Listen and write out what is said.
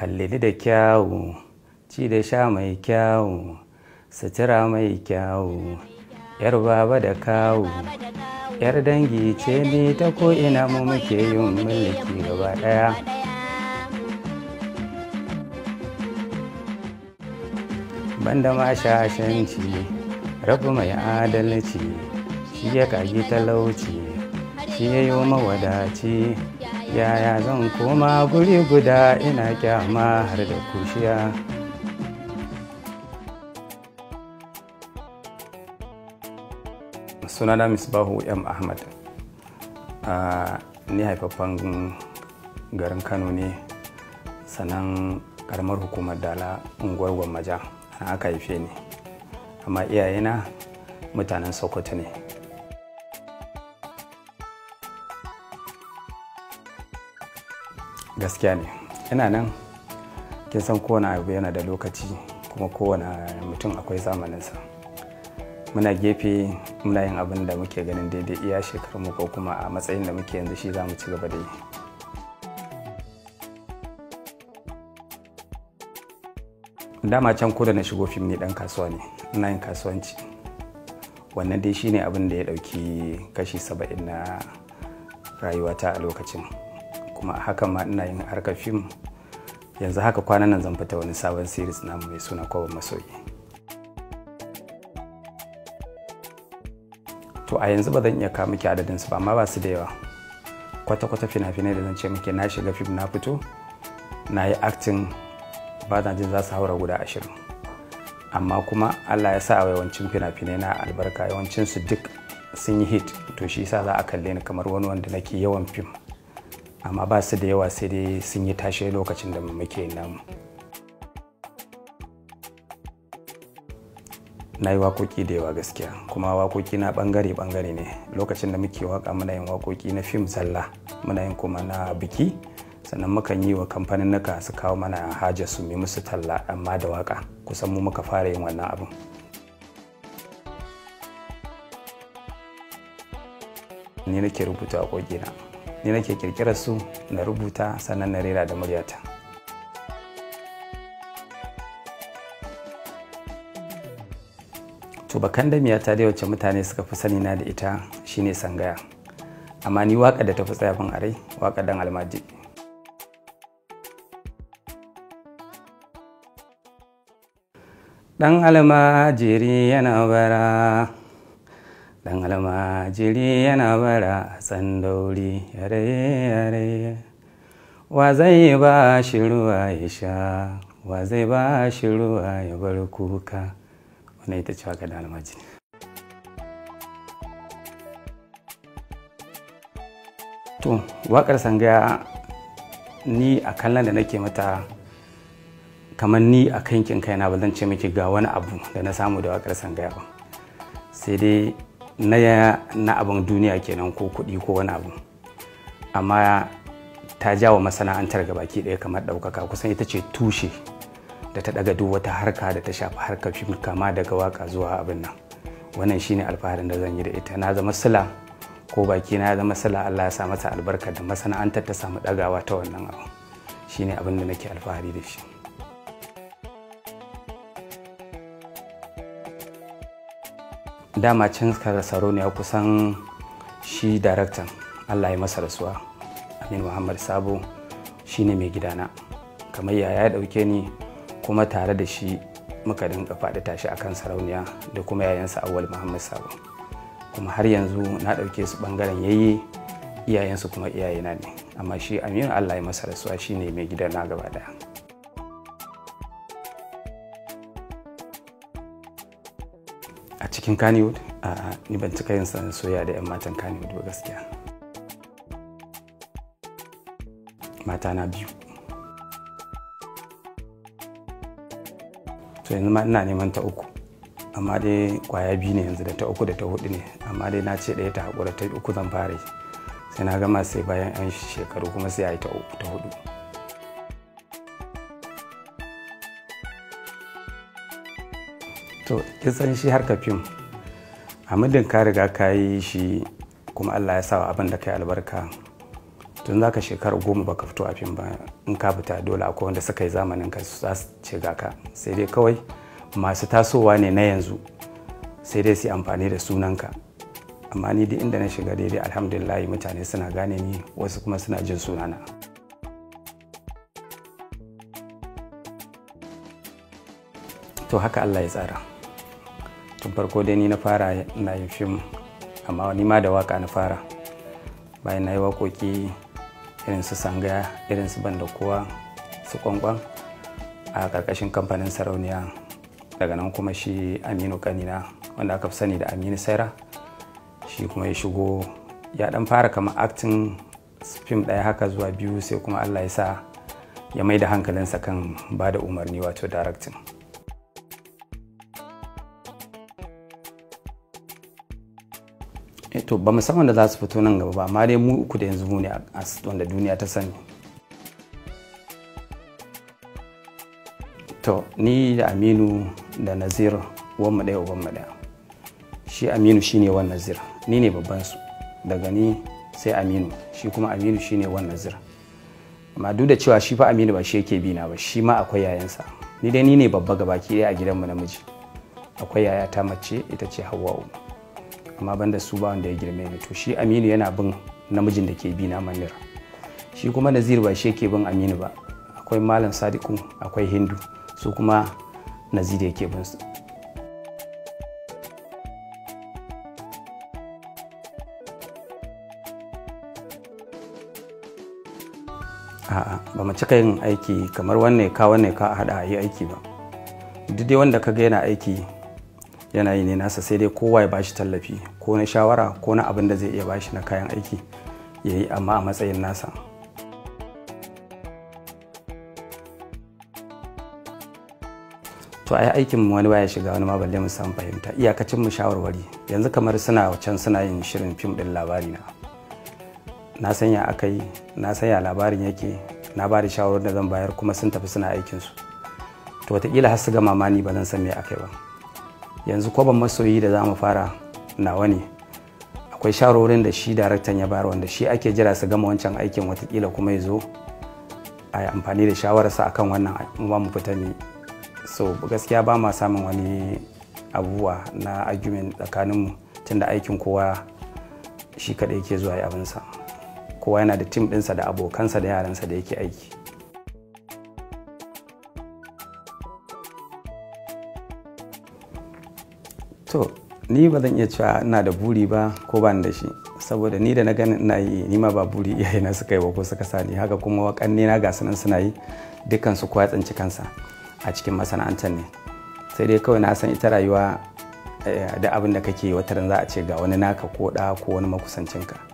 kallili da kyawu ci da sha mai kyawu sutura mai kyawu yar baba da kawu yar dangi ce ni ta ko ina mu muke yin mulki gaba daya banda ma shashanci rabu mai adalci shi ya kagi talauci shi ya yi mawadaci yaya zan koma guri guda ina kyama har da kushiya sunana misbahu m ahmad ni haifaffan garin kano ne sannan karamar hukumar dala unguwar gwammaja aka haife ni amma iyayena mutanen sokoto ne gaskiya ne ina nan kin san kowane abu yana da lokaci kuma kowane mutum akwai zamaninsa muna gefe muna yin abin da muke ganin daidai iya shekarunmu ko kuma a matsayin da muke yanzu shi za mu ci gaba da yi dama can ko na shigo fim ne dan kasuwa ne ina yin kasuwanci wannan dai shine abin da ya dauki kashi saba'in na rayuwata a lokacin kuma haka ma ina yin harkar fim yanzu haka kwanan nan zan fita wani sabon series namu mai suna kwabon masoyi to a yanzu ba zan iya kawo miki adadin su ba amma ba su da yawa kwata-kwata fina-finai da zan ce miki na shiga fim na fito na yi acting ba na jin za su haura guda ashirin amma kuma allah ya sa a yawancin fina-finai na albarka yawancin su duk sun yi hit to shi sa za a kalle ni kamar wani wanda nake yawan fim amma ba su da yawa sai dai sun yi tashe lokacin da muke namu na yi waƙoƙi da yawa gaskiya kuma waƙoƙi na ɓangare bangare ne lokacin da muke waƙa muna yin waƙoƙi na fim zalla muna yin kuma na biki sannan mukan yi wa kamfanin naka su kawo mana haja su mai musu talla amma da waƙa kusan mu muka fara yin wannan abin ni nake rubuta waƙoƙi na ni nake kirkirar su na rubuta sannan na rera da muryata to bakan da ta da wacce mutane suka fi sani na da ita shine sangaya amma ni waka da tafi tsayafin min a rai waka dan almaji dan almajiri yana bara Ɗan almajiri yana bara san dauri yare yare wa zai ba shi ruwa ya sha wa zai ba shi ruwa ya bar kuka wannan ita ce waka da almajiri to waƙar sangaya ni a kallon da nake mata kamar ni a kankin kaina ba zan ce miki ga wani abu da na samu da waƙar sangaya ba sai dai na na abin duniya kenan ko kuɗi ko wani abu amma ta wa masana'antar ga baki ɗaya kamar ɗaukaka kusan ita ce tushe da ta ɗaga duk wata harka da ta shafi harkar fim kama daga waka zuwa abin nan wannan shine alfaharin da zan yi da ita na zama sila ko baki na zama sila Allah ya sa masa albarka da masana'antar ta samu ɗagawa ta wannan abu shine abin da nake alfahari da shi dama can tsaro ne kusan shi daraktan allah ya masa rasuwa amin muhammad sabo shi ne mai gidana kamar yaya ya dauke ni kuma tare da shi muka dinga faɗi tashi akan sarauniya da kuma yayansa awal muhammad sabo kuma har yanzu na ɗauke su ɓangaren yayi iyayensu kuma iyayena ne amma shi aminu allah ya masa rasuwa shi ne mai gidana gaba daya cikin kaniwood a ni ban cika yin sanin soya da 'yan matan kaniwood ba gaskiya mata na biyu to yanzu ma ina neman ta uku amma dai kwaya biyu ne yanzu da ta uku da ta hudu ne amma dai na ce ɗaya ta haƙura ta uku zan fara sai na gama sai bayan 'yan shekaru kuma sai a yi ta uku ta hudu to kin san shi harka fim a muddin ka riga ka yi shi kuma allah ya sawa abinda da kai albarka tun za ka shekara goma baka fito a fim ba in ka fita dole akwai wanda suka yi zamanin ka za su ce ga ka sai dai kawai masu tasowa ne na yanzu sai dai su yi amfani da sunanka amma ni duk inda na shiga daidai alhamdulillah mutane suna gane ni wasu kuma suna jin sunana to haka allah ya tsara tun farko dai ni na fara na yin fim amma ni ma da waka na fara bayan na yi waƙoƙi irin su sanga irin su banda kowa su kwankwan a ƙarƙashin kamfanin sarauniya daga nan kuma shi aminu kanina wanda aka fi sani da aminu saira shi kuma ya shigo ya dan fara kamar aktin fim ɗaya haka zuwa biyu sai kuma allah ya sa ya mai da hankalinsa kan ba da umarni wato directing to ba mu san wanda za su fito nan gaba ba amma dai mu uku da yanzu mu ne wanda duniya ta sani to ni da aminu da nazir uwanmu ɗaya ubanmu ɗaya shi aminu shi ne wan nazir ni ne babban daga ni sai aminu shi kuma aminu shi ne wan nazir amma duk da cewa shi fa aminu ba shi yake bi na ba shi ma akwai yayansa ni dai ni ne babba gabaki ɗaya a gidanmu namiji akwai yaya ta mace ita ce hawwa'u amma ban da su ba wanda ya girme ni to shi aminu yana bin namijin da ke bi na manira shi kuma nazir ba shi yake bin aminu ba akwai malam sadiku akwai hindu su kuma nazir yake bin su a'a ba mu cika yin aiki kamar wanne ka wanne ka hada yi aiki ba duk dai wanda kaga yana aiki yanayi ne nasa sai dai kowa ya bashi tallafi ko na shawara ko na abin da zai iya bashi na kayan aiki ya yi amma a matsayin nasa to ai yi aikin wani baya shiga wani ma balle mu samu fahimta iyakacin mu shawarwari yanzu kamar suna can suna yin shirin fim din labari na na sanya akai na sanya labarin yake na ba da shawarar da zan bayar kuma sun tafi suna aikin su to wataƙila har su ga mamani ba zan san me akai ba yanzu kwaban masoyi da za mu fara nawa ne akwai shawarorin da shi daraktan ya bayar wanda shi ake jira su gama wancan aikin watakila kuma ya zo a yi amfani da shawararsa akan wannan ba mu fita ne so gaskiya ba ma samun wani abubuwa na argument tsakaninmu tunda aikin kowa shi kaɗai ke zuwa yi abinsa kowa yana da tim ɗinsa da abokansa da yaransa da yake aiki to ni ba zan iya cewa ina da buri ba ko ba da shi saboda ni da na gani ina yi ni ma ba buri iyaye na suka yi ba ko suka sani haka kuma wakanni na ga sunan suna yi dukkan su kwa tsinci kansa a cikin masana'antar ne sai dai kawai na san ita rayuwa eh, da abin da kake wata za a ce ga wani naka ko da ko wani makusancinka